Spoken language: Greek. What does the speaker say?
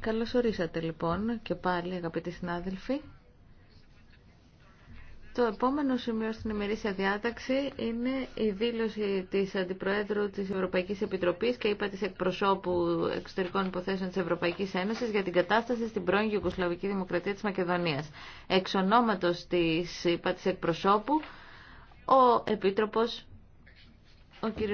Καλώς ορίσατε λοιπόν και πάλι αγαπητοί συνάδελφοι. Το επόμενο σημείο στην ημερήσια διάταξη είναι η δήλωση της Αντιπροέδρου της Ευρωπαϊκής Επιτροπής και είπα της εκπροσώπου εξωτερικών υποθέσεων της Ευρωπαϊκής Ένωσης για την κατάσταση στην πρώην γιουγκοσλαβική Δημοκρατία της Μακεδονίας. Εξ ονόματος της είπα της εκπροσώπου, ο Επίτροπος, ο κ.